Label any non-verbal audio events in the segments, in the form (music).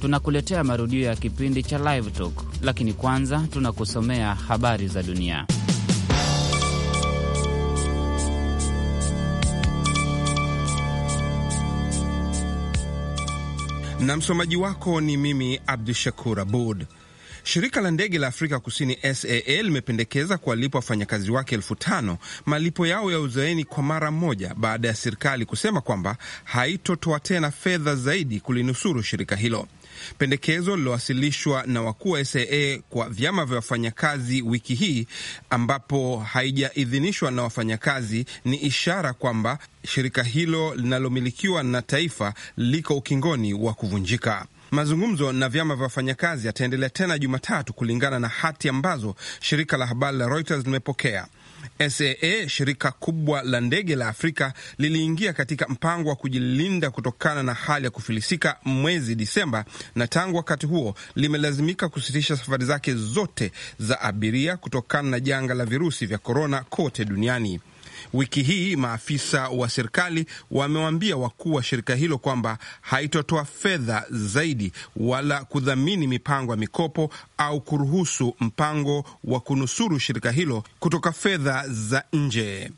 tunakuletea marudio ya kipindi cha Live Talk, lakini kwanza tunakusomea habari za dunia. Na msomaji wako ni mimi Abdu Shakur Abud. Shirika la ndege la Afrika Kusini SAA limependekeza kuwalipa wafanyakazi wake elfu tano malipo yao ya uzeeni kwa mara moja baada ya serikali kusema kwamba haitotoa tena fedha zaidi kulinusuru shirika hilo. Pendekezo lilowasilishwa na wakuu wa SAA kwa vyama vya wafanyakazi wiki hii, ambapo haijaidhinishwa na wafanyakazi, ni ishara kwamba shirika hilo linalomilikiwa na taifa liko ukingoni wa kuvunjika. Mazungumzo na vyama vya wafanyakazi yataendelea tena Jumatatu kulingana na hati ambazo shirika la habari la Reuters limepokea. SAA, shirika kubwa la ndege la Afrika, liliingia katika mpango wa kujilinda kutokana na hali ya kufilisika mwezi Disemba, na tangu wakati huo limelazimika kusitisha safari zake zote za abiria kutokana na janga la virusi vya korona kote duniani. Wiki hii maafisa wa serikali wamewaambia wakuu wa shirika hilo kwamba haitotoa fedha zaidi wala kudhamini mipango ya mikopo au kuruhusu mpango wa kunusuru shirika hilo kutoka fedha za nje.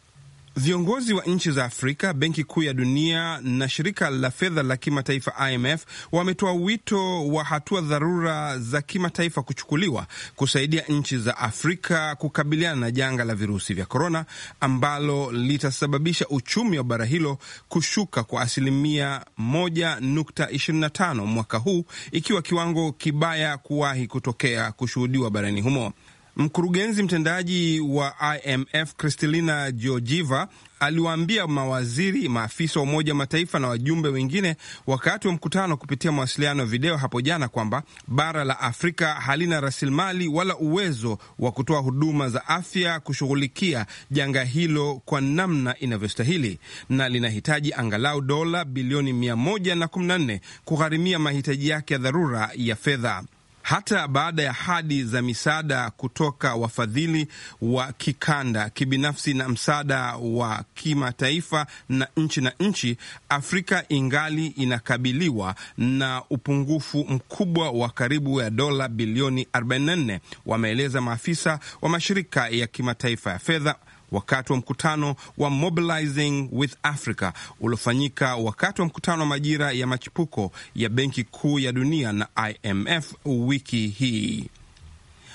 Viongozi wa nchi za Afrika, Benki Kuu ya Dunia na shirika la fedha la kimataifa IMF wametoa wito wa hatua dharura za kimataifa kuchukuliwa kusaidia nchi za Afrika kukabiliana na janga la virusi vya korona ambalo litasababisha uchumi wa bara hilo kushuka kwa asilimia 1.25 mwaka huu, ikiwa kiwango kibaya kuwahi kutokea kushuhudiwa barani humo. Mkurugenzi mtendaji wa IMF Kristalina Georgieva aliwaambia mawaziri, maafisa wa Umoja wa Mataifa na wajumbe wengine wakati wa mkutano kupitia mawasiliano ya video hapo jana kwamba bara la Afrika halina rasilimali wala uwezo wa kutoa huduma za afya kushughulikia janga hilo kwa namna inavyostahili na linahitaji angalau dola bilioni 114 kugharimia mahitaji yake ya dharura ya fedha hata baada ya hadi za misaada kutoka wafadhili wa kikanda, kibinafsi na msaada wa kimataifa na nchi na nchi, Afrika ingali inakabiliwa na upungufu mkubwa wa karibu ya dola bilioni 44, wameeleza maafisa wa mashirika ya kimataifa ya fedha wakati wa mkutano wa Mobilizing with Africa uliofanyika wakati wa mkutano wa majira ya machipuko ya Benki Kuu ya Dunia na IMF wiki hii.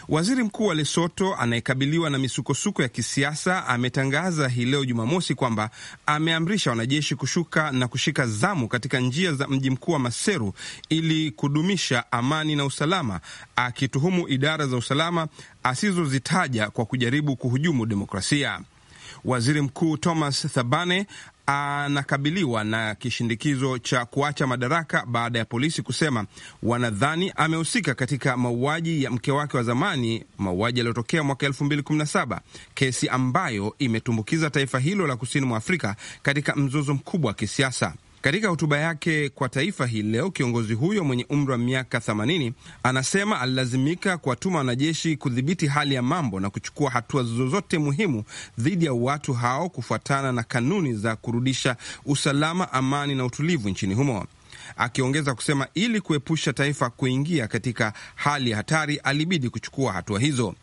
Waziri Mkuu wa Lesoto anayekabiliwa na misukosuko ya kisiasa ametangaza hii leo Jumamosi kwamba ameamrisha wanajeshi kushuka na kushika zamu katika njia za mji mkuu wa Maseru ili kudumisha amani na usalama, akituhumu idara za usalama asizozitaja kwa kujaribu kuhujumu demokrasia. Waziri Mkuu Thomas Thabane anakabiliwa na kishindikizo cha kuacha madaraka baada ya polisi kusema wanadhani amehusika katika mauaji ya mke wake wa zamani, mauaji yaliyotokea mwaka 2017, kesi ambayo imetumbukiza taifa hilo la kusini mwa Afrika katika mzozo mkubwa wa kisiasa. Katika hotuba yake kwa taifa hii leo, kiongozi huyo mwenye umri wa miaka 80 anasema alilazimika kuwatuma wanajeshi kudhibiti hali ya mambo na kuchukua hatua zozote muhimu dhidi ya watu hao kufuatana na kanuni za kurudisha usalama, amani na utulivu nchini humo, akiongeza kusema ili kuepusha taifa kuingia katika hali ya hatari alibidi kuchukua hatua hizo.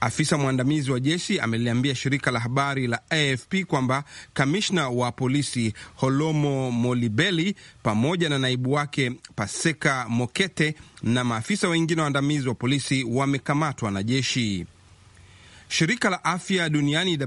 Afisa mwandamizi wa jeshi ameliambia shirika la habari la AFP kwamba kamishna wa polisi Holomo Molibeli pamoja na naibu wake Paseka Mokete na maafisa wengine waandamizi wa polisi wamekamatwa na jeshi. Shirika la afya duniani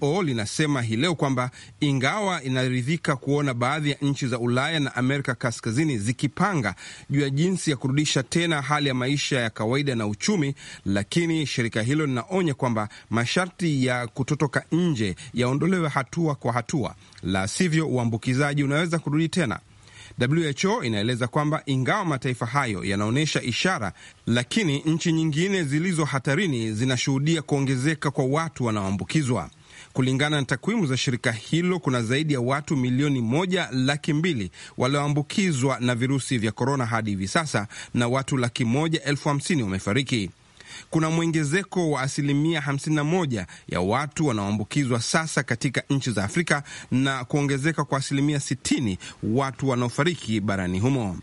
WHO linasema hii leo kwamba ingawa inaridhika kuona baadhi ya nchi za Ulaya na Amerika Kaskazini zikipanga juu ya jinsi ya kurudisha tena hali ya maisha ya kawaida na uchumi, lakini shirika hilo linaonya kwamba masharti ya kutotoka nje yaondolewe hatua kwa hatua, la sivyo uambukizaji unaweza kurudi tena. WHO inaeleza kwamba ingawa mataifa hayo yanaonyesha ishara, lakini nchi nyingine zilizo hatarini zinashuhudia kuongezeka kwa watu wanaoambukizwa. Kulingana na takwimu za shirika hilo, kuna zaidi ya watu milioni moja laki mbili walioambukizwa na virusi vya korona hadi hivi sasa na watu laki moja elfu hamsini wamefariki kuna mwongezeko wa asilimia 51 ya watu wanaoambukizwa sasa katika nchi za Afrika na kuongezeka kwa asilimia 60 watu wanaofariki barani humo.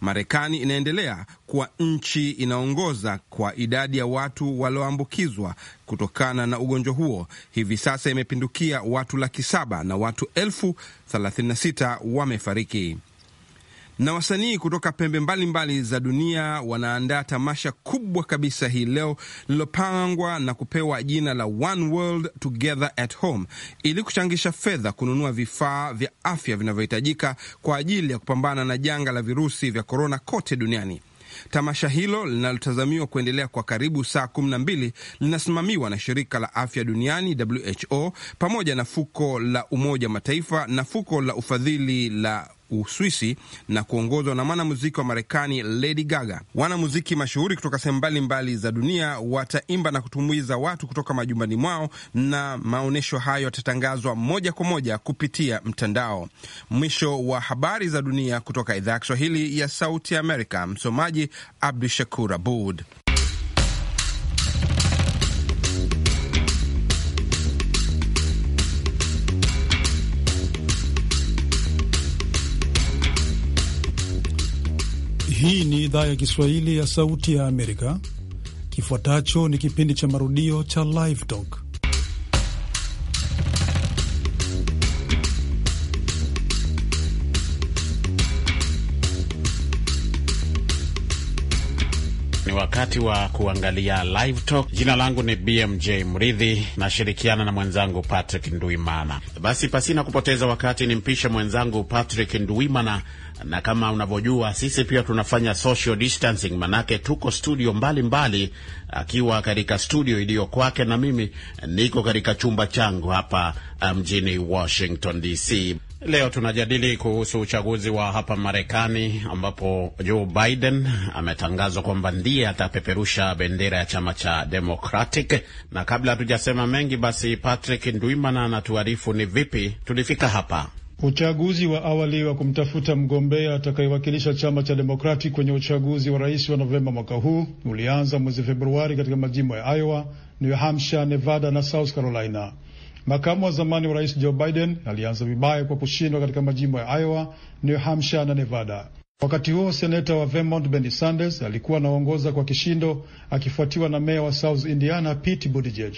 Marekani inaendelea kuwa nchi inaongoza kwa idadi ya watu walioambukizwa kutokana na ugonjwa huo. Hivi sasa imepindukia watu laki saba na watu elfu 36 wamefariki. Na wasanii kutoka pembe mbalimbali mbali za dunia wanaandaa tamasha kubwa kabisa hii leo lililopangwa na kupewa jina la One World Together at Home ili kuchangisha fedha kununua vifaa vya afya vinavyohitajika kwa ajili ya kupambana na janga la virusi vya korona kote duniani. Tamasha hilo linalotazamiwa kuendelea kwa karibu saa 12 linasimamiwa na shirika la afya duniani WHO pamoja na fuko la Umoja Mataifa na fuko la ufadhili la Uswisi na kuongozwa na mwanamuziki wa Marekani Lady Gaga. Wanamuziki mashuhuri kutoka sehemu mbalimbali za dunia wataimba na kutumbuiza watu kutoka majumbani mwao, na maonyesho hayo yatatangazwa moja kwa moja kupitia mtandao. Mwisho wa habari za dunia kutoka idhaa ya Kiswahili ya Sauti ya Amerika. Msomaji Abdu Shakur Abud. Hii ni idhaa ya Kiswahili ya Sauti ya Amerika. Kifuatacho ni kipindi cha marudio cha Live Talk. wakati wa kuangalia Live Talk. Jina langu ni BMJ Mridhi, nashirikiana na mwenzangu Patrick Nduimana. Basi pasina kupoteza wakati, ni mpisha mwenzangu Patrick Nduimana na kama unavyojua sisi pia tunafanya social distancing, manake tuko studio mbalimbali mbali, akiwa katika studio iliyo kwake na mimi niko katika chumba changu hapa uh, mjini Washington DC. Leo tunajadili kuhusu uchaguzi wa hapa Marekani ambapo Joe Biden ametangazwa kwamba ndiye atapeperusha bendera ya chama cha Democratic. Na kabla hatujasema mengi, basi Patrick Ndwimana anatuarifu ni vipi tulifika hapa. Uchaguzi wa awali wa kumtafuta mgombea atakayewakilisha chama cha Demokrati kwenye uchaguzi wa rais wa Novemba mwaka huu ulianza mwezi Februari katika majimbo ya Iowa, New Hampshire, Nevada na South Carolina. Makamu wa zamani wa rais Joe Biden alianza vibaya kwa kushindwa katika majimbo ya Iowa, New Hampshire na Nevada. Wakati huo seneta wa Vermont Bernie Sanders alikuwa anaongoza kwa kishindo akifuatiwa na meya wa South Indiana Pete Buttigieg.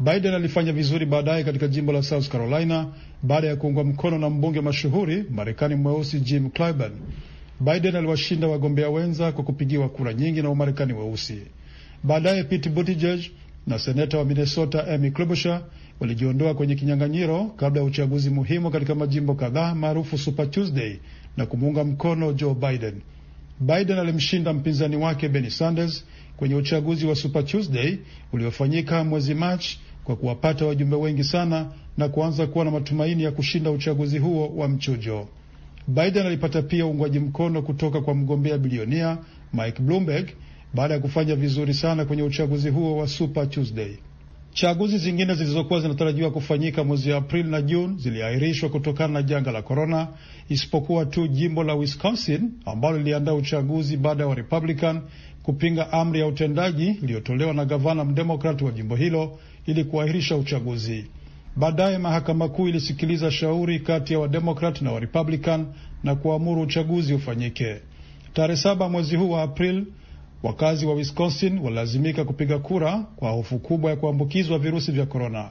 Biden alifanya vizuri baadaye katika jimbo la South Carolina baada ya kuungwa mkono na mbunge mashuhuri Marekani mweusi Jim Clyburn. Biden aliwashinda wagombea wenza kwa kupigiwa kura nyingi na umarekani weusi. Baadaye Pete Buttigieg na seneta wa Minnesota Amy Klobuchar walijiondoa kwenye kinyang'anyiro kabla ya uchaguzi muhimu katika majimbo kadhaa maarufu Super Tuesday na kumuunga mkono Joe Biden. Biden alimshinda mpinzani wake Bernie Sanders kwenye uchaguzi wa Super Tuesday uliofanyika mwezi Machi kwa kuwapata wajumbe wengi sana na kuanza kuwa na matumaini ya kushinda uchaguzi huo wa mchujo. Biden alipata pia uungwaji mkono kutoka kwa mgombea bilionia Mike Bloomberg baada ya kufanya vizuri sana kwenye uchaguzi huo wa Super Tuesday. Chaguzi zingine zilizokuwa zinatarajiwa kufanyika mwezi Aprili na Juni ziliahirishwa kutokana na janga la korona, isipokuwa tu jimbo la Wisconsin ambalo liliandaa uchaguzi baada ya Warepublican kupinga amri ya utendaji iliyotolewa na gavana mdemokrat wa jimbo hilo ili kuahirisha uchaguzi. Baadaye mahakama kuu ilisikiliza shauri kati ya Wademokrat na Warepublican na kuamuru uchaguzi ufanyike tarehe saba mwezi huu wa april Wakazi wa Wisconsin walilazimika kupiga kura kwa hofu kubwa ya kuambukizwa virusi vya korona.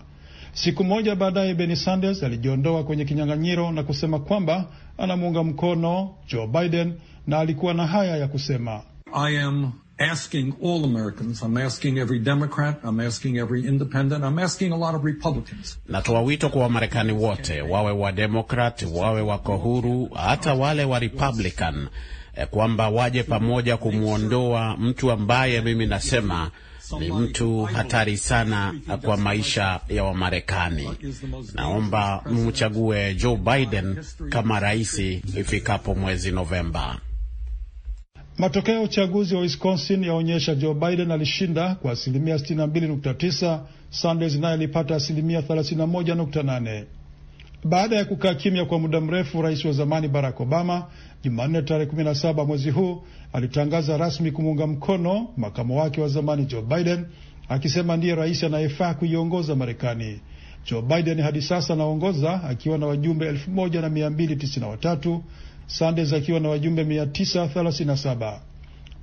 Siku moja baadaye, Bernie Sanders alijiondoa kwenye kinyang'anyiro na kusema kwamba anamuunga mkono Joe Biden na alikuwa na haya ya kusema: I am asking all Americans, I'm asking every Democrat, I'm asking every independent, I'm asking a lot of Republicans. Natoa wito kwa Wamarekani wote wawe wa Democrat, wawe wako huru, hata wale wa Republican, eh, kwamba waje pamoja kumwondoa mtu ambaye mimi nasema ni mtu hatari sana eh, kwa maisha ya Wamarekani. Naomba mumchague Joe Biden kama rais ifikapo mwezi Novemba. Matokeo ya uchaguzi wa Wisconsin yaonyesha Joe Biden alishinda kwa asilimia 62.9. Sanders naye alipata asilimia 31.8. Baada ya kukaa kimya kwa muda mrefu, rais wa zamani Barack Obama Jumanne tarehe 17 mwezi huu alitangaza rasmi kumuunga mkono makamo wake wa zamani Joe Biden akisema ndiye rais anayefaa kuiongoza Marekani. Joe Biden hadi sasa anaongoza akiwa na wajumbe 1293 Sanders akiwa na wajumbe 937.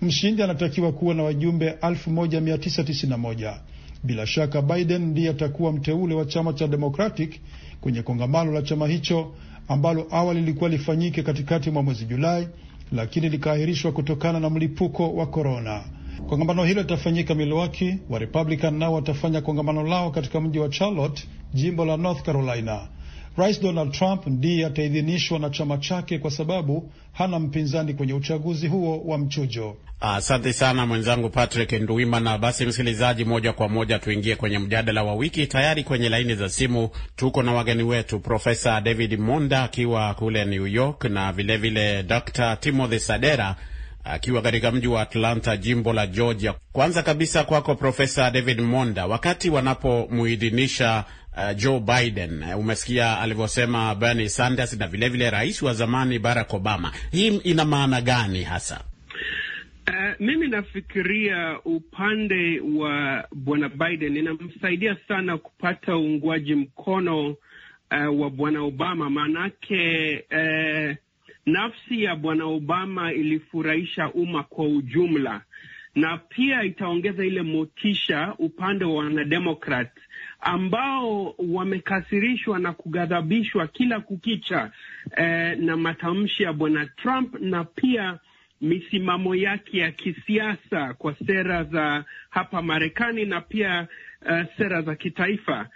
Mshindi anatakiwa kuwa na wajumbe 1991. Bila shaka Biden ndiye atakuwa mteule wa chama cha Democratic kwenye kongamano la chama hicho ambalo awali lilikuwa lifanyike katikati mwa mwezi Julai, lakini likaahirishwa kutokana na mlipuko wa korona. Kongamano hilo litafanyika Milwaukee. Wa Republican nao watafanya kongamano lao katika mji wa Charlotte, jimbo la North Carolina. Rais Donald Trump ndiye ataidhinishwa na chama chake kwa sababu hana mpinzani kwenye uchaguzi huo wa mchujo. Asante sana mwenzangu Patrick Na Basi msikilizaji, moja kwa moja tuingie kwenye mjadala wa wiki. Tayari kwenye laini za simu tuko na wageni wetu Profesa David Monda akiwa kule New York na vilevile Dr Timothy Sadera akiwa katika mji wa Atlanta, jimbo la Georgia. Kwanza kabisa kwako Profesa David Monda, wakati wanapomuidhinisha uh, Joe Biden uh, umesikia alivyosema Bernie Sanders na vilevile rais wa zamani Barack Obama. Hii ina maana gani hasa? Uh, mimi nafikiria upande wa bwana Biden inamsaidia sana kupata uungwaji mkono uh, wa bwana Obama, maanake uh, nafsi ya bwana Obama ilifurahisha umma kwa ujumla, na pia itaongeza ile motisha upande wa wanademokrat ambao wamekasirishwa na kughadhabishwa kila kukicha eh, na matamshi ya bwana Trump na pia misimamo yake ya kisiasa kwa sera za hapa Marekani na pia uh, sera za kitaifa.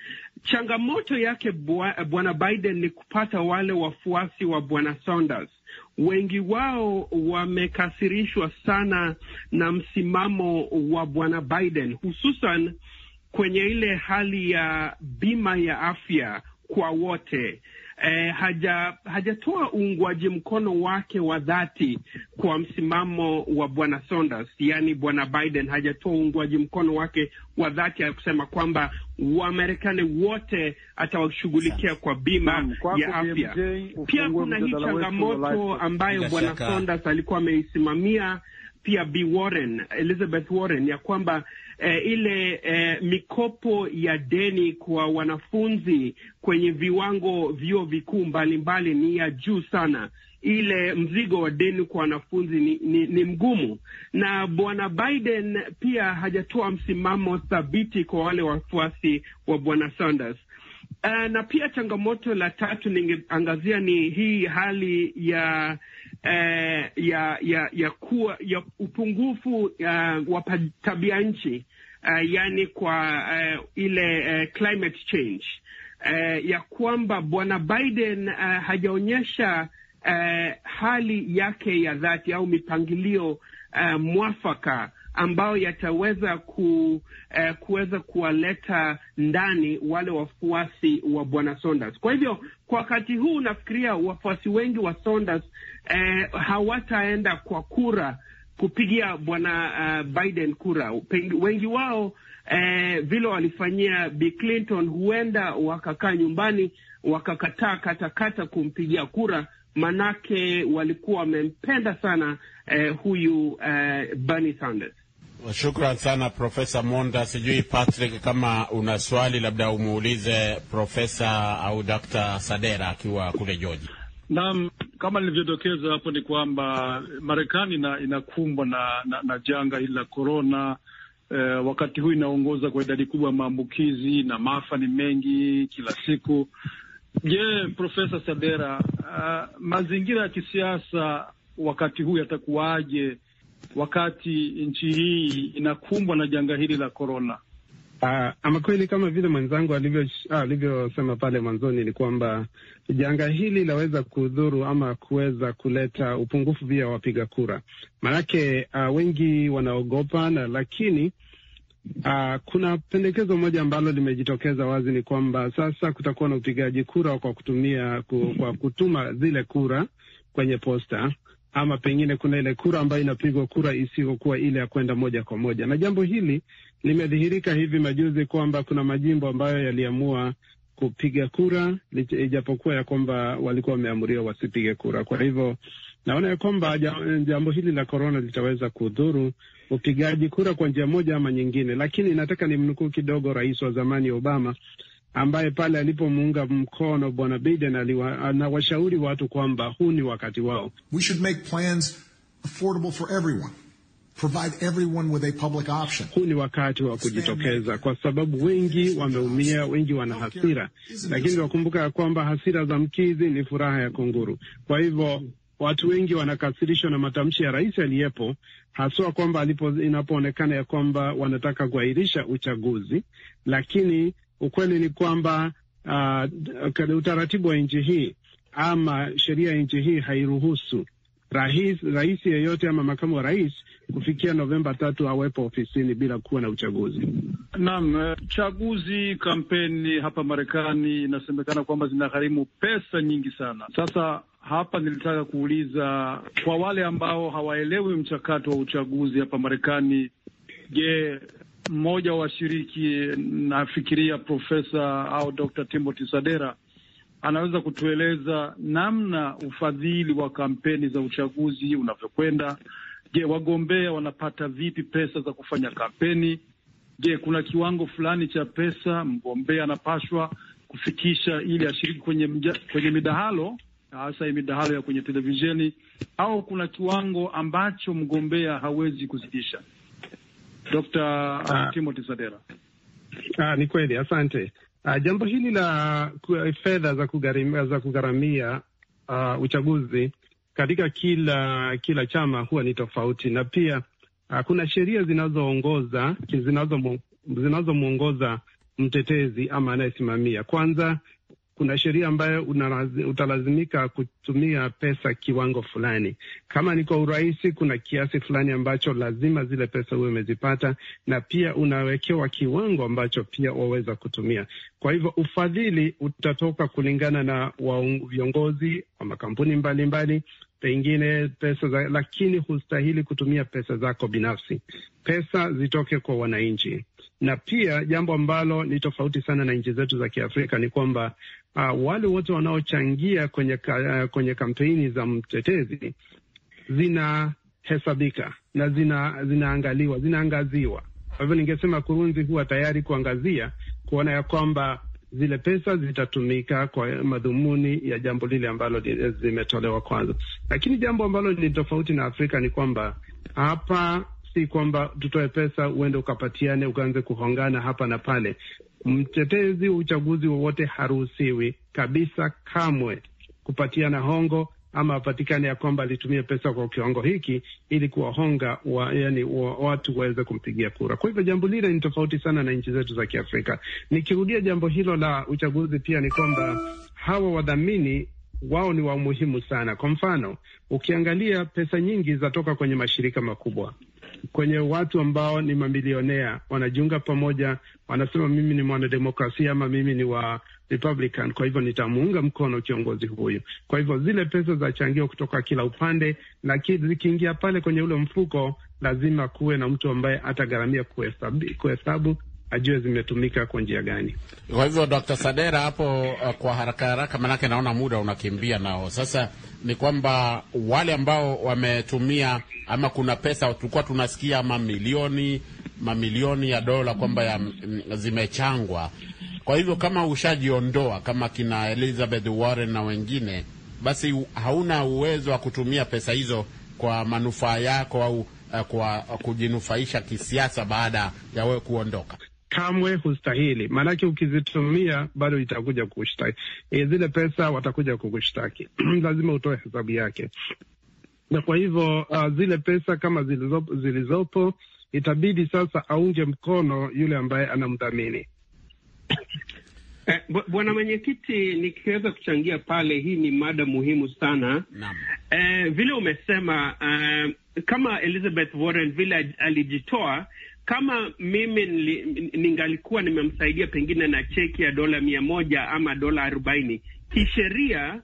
Changamoto yake bwana Biden ni kupata wale wafuasi wa bwana Sanders. Wengi wao wamekasirishwa sana na msimamo wa bwana Biden, hususan kwenye ile hali ya bima ya afya kwa wote. E, haja hajatoa uungwaji mkono wake wa dhati kwa msimamo wa bwana Sanders, yaani bwana Biden hajatoa uungwaji mkono wake wa dhati ya kusema kwamba Wamarekani wote atawashughulikia kwa bima kwa ya afya. Pia kuna hii changamoto ambayo bwana Sanders alikuwa ameisimamia pia Bi Warren, Elizabeth Warren ya kwamba eh, ile eh, mikopo ya deni kwa wanafunzi kwenye viwango vyuo vikuu mbalimbali ni ya juu sana. Ile mzigo wa deni kwa wanafunzi ni, ni, ni mgumu, na bwana Biden pia hajatoa msimamo thabiti kwa wale wafuasi wa bwana Sanders. Uh, na pia changamoto la tatu ningeangazia ni hii hali ya eh, ya ya ya kuwa ya upungufu uh, wa tabia nchi uh, yani kwa uh, ile uh, climate change uh, ya kwamba bwana Biden uh, hajaonyesha uh, hali yake ya dhati au mipangilio uh, mwafaka ambayo yataweza ku, eh, kuweza kuwaleta ndani wale wafuasi wa bwana Saunders. Kwa hivyo kwa wakati huu nafikiria wafuasi wengi wa Saunders eh, hawataenda kwa kura kupigia bwana uh, Biden kura. Wengi wao eh, vile walifanyia Bi Clinton, huenda wakakaa nyumbani wakakataa katakata kumpigia kura, manake walikuwa wamempenda sana eh, huyu eh, Bernie Sanders. Shukran sana Profesa Monda. Sijui Patrick, kama una swali labda umuulize Profesa au Dr. Sadera akiwa kule Georgia. Naam, kama nilivyodokeza hapo ni kwamba eh, Marekani inakumbwa na, na, na janga hili la korona. Eh, wakati huu inaongoza kwa idadi kubwa ya maambukizi na maafa ni mengi kila siku. Je, Profesa Sadera, uh, mazingira ya kisiasa wakati huu yatakuwaje wakati nchi hii inakumbwa na janga hili la korona. Uh, ah, ama kweli kama vile mwenzangu ah, alivyosema uh, pale mwanzoni ni kwamba janga hili laweza kudhuru ama kuweza kuleta upungufu pia wa wapiga kura, maanake uh, ah, wengi wanaogopa na lakini Uh, kuna pendekezo moja ambalo limejitokeza wazi ni kwamba sasa kutakuwa na upigaji kura kwa kutumia kwa kutuma zile kura kwenye posta ama pengine kuna ile kura ambayo inapigwa, kura isiyokuwa ile ya kwenda moja kwa moja. Na jambo hili limedhihirika hivi majuzi kwamba kuna majimbo ambayo yaliamua kupiga kura ijapokuwa ya kwamba walikuwa wameamriwa wasipige kura. Kwa hivyo naona ya kwamba jambo hili la korona litaweza kudhuru upigaji kura kwa njia moja ama nyingine, lakini nataka nimnukuu kidogo rais wa zamani Obama ambaye pale alipomuunga mkono bwana Biden anawashauri watu kwamba huu ni wakati wao. We should make plans affordable for everyone. Provide everyone with a public option. Huu ni wakati wa kujitokeza kwa sababu wengi wameumia, wengi wana hasira, lakini wakumbuka ya kwamba hasira za mkizi ni furaha ya kunguru. Kwa hivyo watu wengi wanakasirishwa na matamshi ya rais aliyepo, haswa kwamba alipo, inapoonekana ya kwamba wanataka kuahirisha uchaguzi, lakini Ukweli ni kwamba uh, utaratibu wa nchi hii ama sheria ya nchi hii hairuhusu rais, rais yeyote ama makamu wa rais kufikia Novemba tatu awepo ofisini bila kuwa na uchaguzi. Naam, eh, chaguzi, kampeni hapa Marekani inasemekana kwamba zinagharimu pesa nyingi sana. Sasa hapa nilitaka kuuliza kwa wale ambao hawaelewi mchakato wa uchaguzi hapa Marekani, je, mmoja wa washiriki nafikiria Profesa au Dr. Timothy Sadera anaweza kutueleza namna ufadhili wa kampeni za uchaguzi unavyokwenda. Je, wagombea wanapata vipi pesa za kufanya kampeni? Je, kuna kiwango fulani cha pesa mgombea anapashwa kufikisha ili ashiriki kwenye, mja, kwenye midahalo hasa hii midahalo ya kwenye televisheni, au kuna kiwango ambacho mgombea hawezi kuzidisha? Dr. Uh, ah, Timothy Sadera. Ah, ni kweli, asante. Ah, jambo hili la fedha za kugharamia za kugharamia ah, uchaguzi katika kila kila chama huwa ni tofauti, na pia ah, kuna sheria zinazoongoza zinazomwongoza mtetezi ama anayesimamia. Kwanza kuna sheria ambayo unalazi, utalazimika kutumia pesa kiwango fulani. Kama ni kwa urahisi, kuna kiasi fulani ambacho lazima zile pesa huwe umezipata, na pia unawekewa kiwango ambacho pia waweza kutumia. Kwa hivyo ufadhili utatoka kulingana na viongozi wa makampuni mbalimbali mbali, pengine pesa za, lakini hustahili kutumia pesa zako binafsi. Pesa zitoke kwa wananchi. Na pia jambo ambalo ni tofauti sana na nchi zetu za Kiafrika ni kwamba uh, wale wote wanaochangia kwenye, ka, uh, kwenye kampeni za mtetezi zinahesabika na zina, zinaangaliwa zinaangaziwa. Kwa hivyo ningesema Kurunzi huwa tayari kuangazia kuona ya kwamba zile pesa zitatumika kwa madhumuni ya jambo lile ambalo zimetolewa kwanza. Lakini jambo ambalo ni tofauti na Afrika ni kwamba hapa si kwamba tutoe pesa uende ukapatiane ukaanze kuhongana hapa na pale. Mtetezi wa uchaguzi wowote haruhusiwi kabisa kamwe kupatiana hongo ama apatikane ya kwamba alitumia pesa kwa kiwango hiki ili kuwahonga wa, yani, wa, watu waweze kumpigia kura. Kwa hivyo jambo lile ni tofauti sana na nchi zetu za Kiafrika. Nikirudia jambo hilo la uchaguzi, pia ni kwamba hawa wadhamini wao ni wa muhimu sana. Kwa mfano, ukiangalia pesa nyingi zatoka kwenye mashirika makubwa kwenye watu ambao ni mamilionea wanajiunga pamoja, wanasema mimi ni mwanademokrasia ama mimi ni wa Republican, kwa hivyo nitamuunga mkono kiongozi huyu. Kwa hivyo zile pesa zachangiwa kutoka kila upande, lakini zikiingia pale kwenye ule mfuko, lazima kuwe na mtu ambaye atagharamia kuhesabu ajue zimetumika kwa njia gani. Kwa hivyo Dr. Sadera, hapo uh, kwa haraka haraka, manake naona muda unakimbia nao sasa, ni kwamba wale ambao wametumia ama kuna pesa tulikuwa tunasikia mamilioni mamilioni ya dola kwamba mm, zimechangwa. Kwa hivyo kama ushajiondoa kama kina Elizabeth Warren na wengine, basi hauna uwezo wa kutumia pesa hizo kwa manufaa yako au uh, kwa uh, kujinufaisha kisiasa baada ya wewe kuondoka kamwe hustahili, maanake ukizitumia bado itakuja kushtaki e, eh, zile pesa watakuja kukushtaki (clears throat) lazima utoe hesabu yake, na kwa hivyo uh, zile pesa kama zilizopo, zilizopo itabidi sasa aunge mkono yule ambaye anamdhamini. (coughs) Eh, bwana mwenyekiti, nikiweza kuchangia pale, hii ni mada muhimu sana eh, vile umesema eh, kama Elizabeth Warren vile alijitoa kama mimi ningalikuwa nimemsaidia pengine na cheki ya dola mia moja ama dola arobaini, kisheria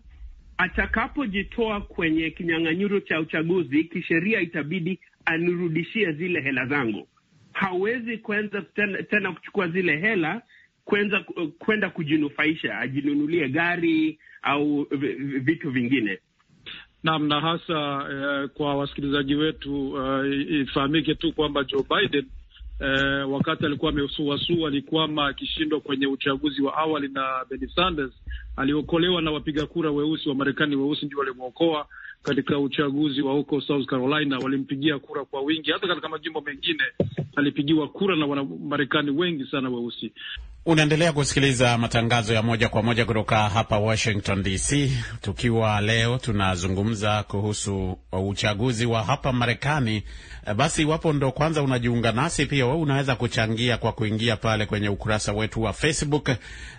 atakapojitoa kwenye kinyang'anyiro cha uchaguzi, kisheria itabidi anirudishie zile hela zangu. Hawezi kuanza tena, tena kuchukua zile hela kwenza kwenda kujinufaisha, ajinunulie gari au vitu vingine. Naam, na hasa eh, kwa wasikilizaji wetu eh, ifahamike tu kwamba Joe Biden eh, wakati alikuwa amesuasua ni kwamba akishindwa kwenye uchaguzi wa awali na Bernie Sanders, aliokolewa na wapiga kura weusi wa Marekani. Weusi ndio walimwokoa katika uchaguzi wa huko South Carolina, walimpigia kura kwa wingi. Hata katika majimbo mengine alipigiwa kura na Wanamarekani wengi sana weusi. Unaendelea kusikiliza matangazo ya moja kwa moja kutoka hapa Washington DC, tukiwa leo tunazungumza kuhusu uchaguzi wa hapa Marekani. Basi iwapo ndo kwanza unajiunga nasi, pia wewe unaweza kuchangia kwa kuingia pale kwenye ukurasa wetu wa Facebook.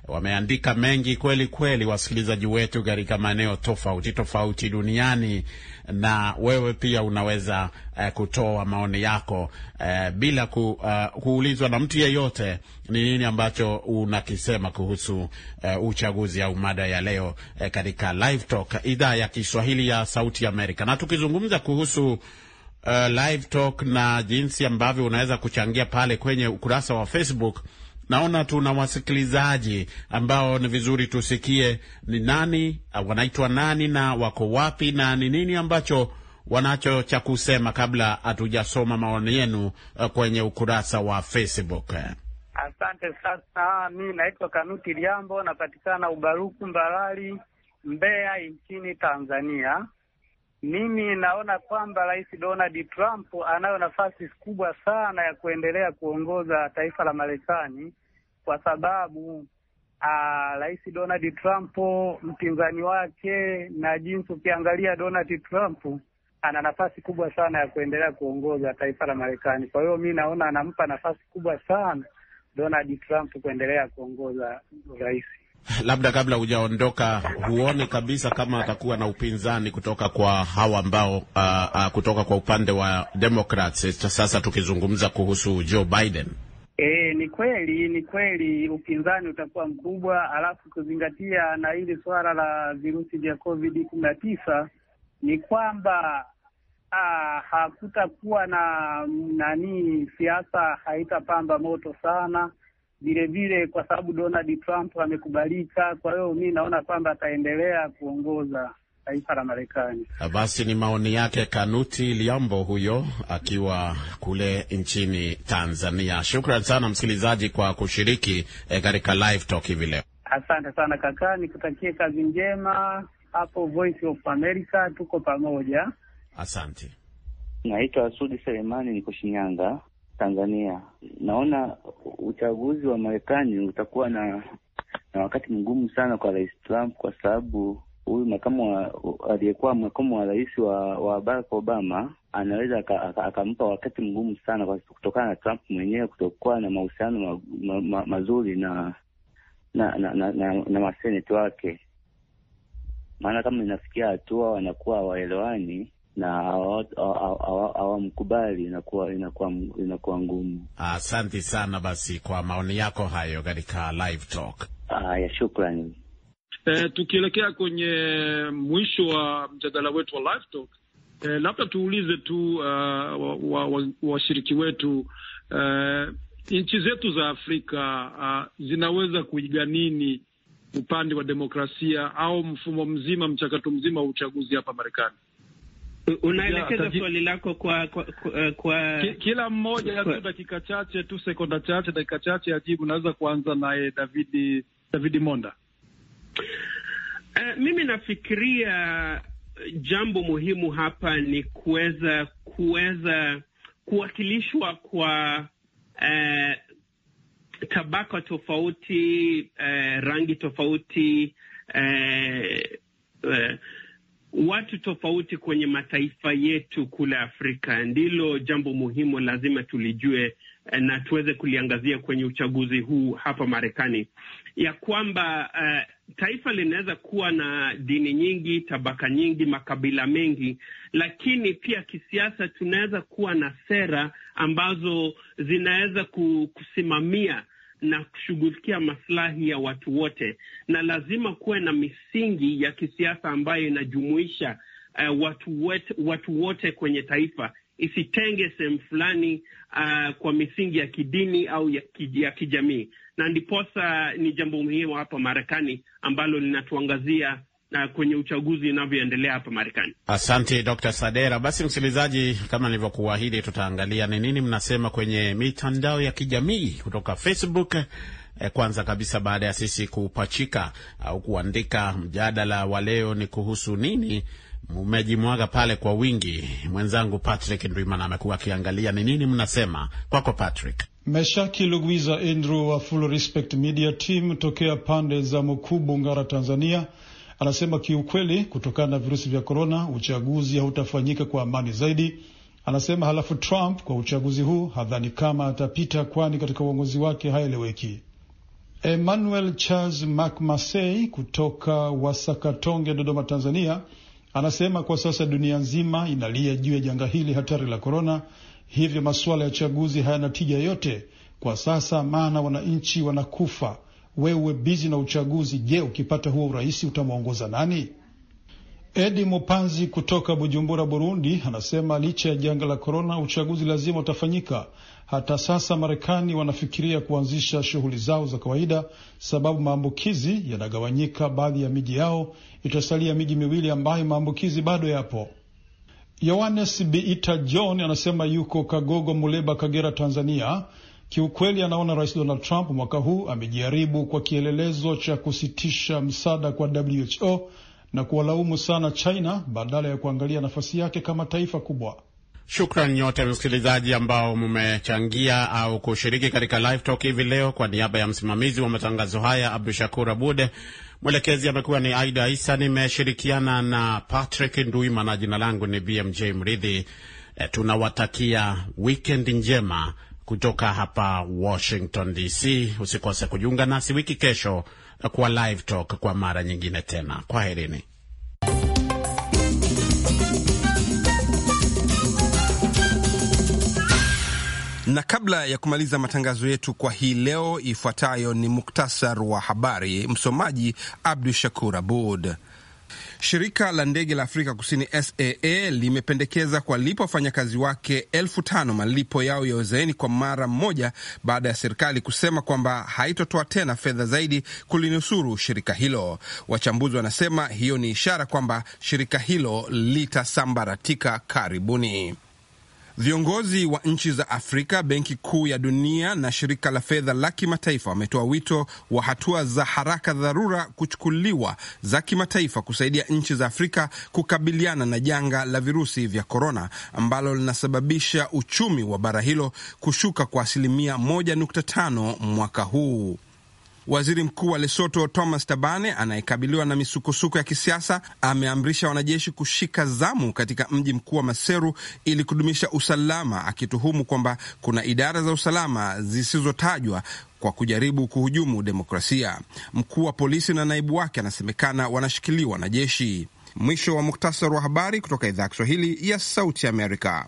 Wameandika mengi kweli kweli wasikilizaji wetu katika maeneo tofauti tofauti duniani na wewe pia unaweza uh, kutoa maoni yako uh, bila ku, uh, kuulizwa na mtu yeyote ni nini ambacho unakisema kuhusu uh, uchaguzi au mada ya leo uh, katika Live Talk idhaa ya Kiswahili ya Sauti Amerika. Na tukizungumza kuhusu uh, Live Talk na jinsi ambavyo unaweza kuchangia pale kwenye ukurasa wa Facebook naona tuna wasikilizaji ambao ni vizuri tusikie ni nani, wanaitwa nani na wako wapi na ni nini ambacho wanacho cha kusema kabla hatujasoma maoni yenu eh, kwenye ukurasa wa Facebook. Asante sasa. Mi naitwa Kanuti Liambo, napatikana Ubaruku Mbarali, Mbeya nchini Tanzania. Mimi naona kwamba Rais Donald Trump anayo nafasi kubwa sana ya kuendelea kuongoza taifa la Marekani kwa sababu Uh, Rais Donald Trump mpinzani wake na jinsi ukiangalia Donald Trump ana nafasi kubwa sana ya kuendelea kuongoza taifa la Marekani. Kwa hiyo mi naona anampa nafasi kubwa sana Donald Trump kuendelea kuongoza urais. (laughs) Labda kabla hujaondoka, huoni kabisa kama atakuwa na upinzani kutoka kwa hawa ambao, uh, uh, kutoka kwa upande wa Democrats, sasa tukizungumza kuhusu Joe Biden? E, ni kweli ni kweli upinzani utakuwa mkubwa, alafu kuzingatia na hili suala la virusi vya COVID kumi na tisa ni kwamba ah, hakutakuwa na nani, siasa haitapamba moto sana vilevile, kwa sababu Donald Trump amekubalika. Kwa hiyo mi naona kwamba ataendelea kuongoza taifa la Marekani. Ah, basi ni maoni yake Kanuti Liambo huyo akiwa kule nchini Tanzania. Shukran sana msikilizaji kwa kushiriki eh, katika e, live talk hivi leo. Asante sana kaka, nikutakie kazi njema hapo Voice of America, tuko pamoja. Asante. Naitwa Sudi Selemani, niko Shinyanga. Tanzania. Naona uchaguzi wa Marekani utakuwa na na wakati mgumu sana kwa Rais Trump kwa sababu huyu makamu aliyekuwa makamu wa rais wa, wa Barack Obama anaweza akampa wakati mgumu sana kwa kutokana na Trump mwenyewe kutokuwa na mahusiano ma, ma, ma, mazuri na na na, na, na, na maseneti wake, maana kama inafikia hatua wanakuwa waelewani na hawamkubali inakuwa inakuwa inakuwa ngumu. Asante sana basi kwa maoni yako hayo katika live talk. Haya, shukrani. Eh, tukielekea kwenye mwisho wa mjadala wetu wa live talk eh, labda tuulize tu uh, eh, washiriki wa, wa wetu uh, nchi zetu za Afrika uh, zinaweza kuiga nini upande wa demokrasia au mfumo mzima mchakato mzima wa uchaguzi hapa Marekani? Unaelekeza swali lako kwa, kwa, kwa, eh, kwa... kila mmoja tu dakika chache tu sekonda chache dakika chache ajibu. Naweza kuanza naye Davidi, Davidi Monda. Uh, mimi nafikiria eh, jambo muhimu hapa ni kuweza kuweza kuwakilishwa kwa uh, tabaka tofauti, uh, rangi tofauti uh, uh, watu tofauti kwenye mataifa yetu kule Afrika, ndilo jambo muhimu lazima tulijue eh, na tuweze kuliangazia kwenye uchaguzi huu hapa Marekani, ya kwamba uh, taifa linaweza kuwa na dini nyingi, tabaka nyingi, makabila mengi, lakini pia kisiasa tunaweza kuwa na sera ambazo zinaweza kusimamia na kushughulikia maslahi ya watu wote, na lazima kuwe na misingi ya kisiasa ambayo inajumuisha uh, watu, wet, watu wote kwenye taifa, isitenge sehemu fulani uh, kwa misingi ya kidini au ya, ya kijamii, na ndiposa ni jambo muhimu hapa Marekani ambalo linatuangazia na kwenye uchaguzi inavyoendelea hapa Marekani. Asante Dr. Sadera. Basi msikilizaji, kama nilivyokuahidi, tutaangalia ni nini mnasema kwenye mitandao ya kijamii kutoka Facebook. Eh, kwanza kabisa baada ya sisi kupachika au kuandika mjadala wa leo ni kuhusu nini, mmejimwaga pale kwa wingi. Mwenzangu Patrick Ndwimana amekuwa akiangalia ni nini mnasema. Kwako Patrick. Meshaki Luguiza Andrew wa Full Respect Media Team tokea pande za Mkubu, Ngara, Tanzania Anasema kiukweli, kutokana na virusi vya korona, uchaguzi hautafanyika kwa amani zaidi. Anasema halafu Trump kwa uchaguzi huu hadhani kama atapita, kwani katika uongozi wake haeleweki. Emmanuel Charles Macmasey kutoka Wasakatonge, Dodoma, Tanzania, anasema kwa sasa dunia nzima inalia juu ya janga hili hatari la korona, hivyo masuala ya chaguzi hayana tija yote kwa sasa, maana wananchi wanakufa wewe bizi na uchaguzi, je, ukipata huo urais utamwongoza nani? Edi Mopanzi kutoka Bujumbura, Burundi, anasema licha ya janga la korona, uchaguzi lazima utafanyika. Hata sasa Marekani wanafikiria kuanzisha shughuli zao za kawaida, sababu maambukizi yanagawanyika baadhi ya miji yao, itasalia miji miwili ambayo maambukizi bado yapo. Yohanes Biita John anasema yuko Kagogo, Muleba, Kagera, Tanzania. Kiukweli, anaona Rais Donald Trump mwaka huu amejaribu kwa kielelezo cha kusitisha msaada kwa WHO na kuwalaumu sana China badala ya kuangalia nafasi yake kama taifa kubwa. Shukran nyote msikilizaji ambao mmechangia au kushiriki katika live talk hivi leo. Kwa niaba ya msimamizi wa matangazo haya Abdu Shakur Abud, mwelekezi amekuwa ni Aida Isa, nimeshirikiana na Patrick Nduima na jina langu ni BMJ Mridhi. E, tunawatakia wikend njema kutoka hapa Washington DC. Usikose kujiunga nasi wiki kesho kwa Live Talk kwa mara nyingine tena. Kwaherini. Na kabla ya kumaliza matangazo yetu kwa hii leo, ifuatayo ni muktasar wa habari. Msomaji Abdu Shakur Abud. Shirika la ndege la Afrika Kusini SAA limependekeza kuwalipa wafanyakazi wake elfu tano malipo yao ya uzeeni kwa mara moja baada ya serikali kusema kwamba haitotoa tena fedha zaidi kulinusuru shirika hilo. Wachambuzi wanasema hiyo ni ishara kwamba shirika hilo litasambaratika karibuni. Viongozi wa nchi za Afrika, Benki Kuu ya Dunia na Shirika la Fedha la Kimataifa wametoa wito wa hatua za haraka dharura kuchukuliwa za kimataifa kusaidia nchi za Afrika kukabiliana na janga la virusi vya korona ambalo linasababisha uchumi wa bara hilo kushuka kwa asilimia 1.5 mwaka huu. Waziri Mkuu wa Lesoto Thomas Tabane, anayekabiliwa na misukosuko ya kisiasa, ameamrisha wanajeshi kushika zamu katika mji mkuu wa Maseru ili kudumisha usalama, akituhumu kwamba kuna idara za usalama zisizotajwa kwa kujaribu kuhujumu demokrasia. Mkuu wa polisi na naibu wake anasemekana wanashikiliwa na jeshi. Mwisho wa muktasari wa habari kutoka idhaa ya Kiswahili ya Sauti Amerika.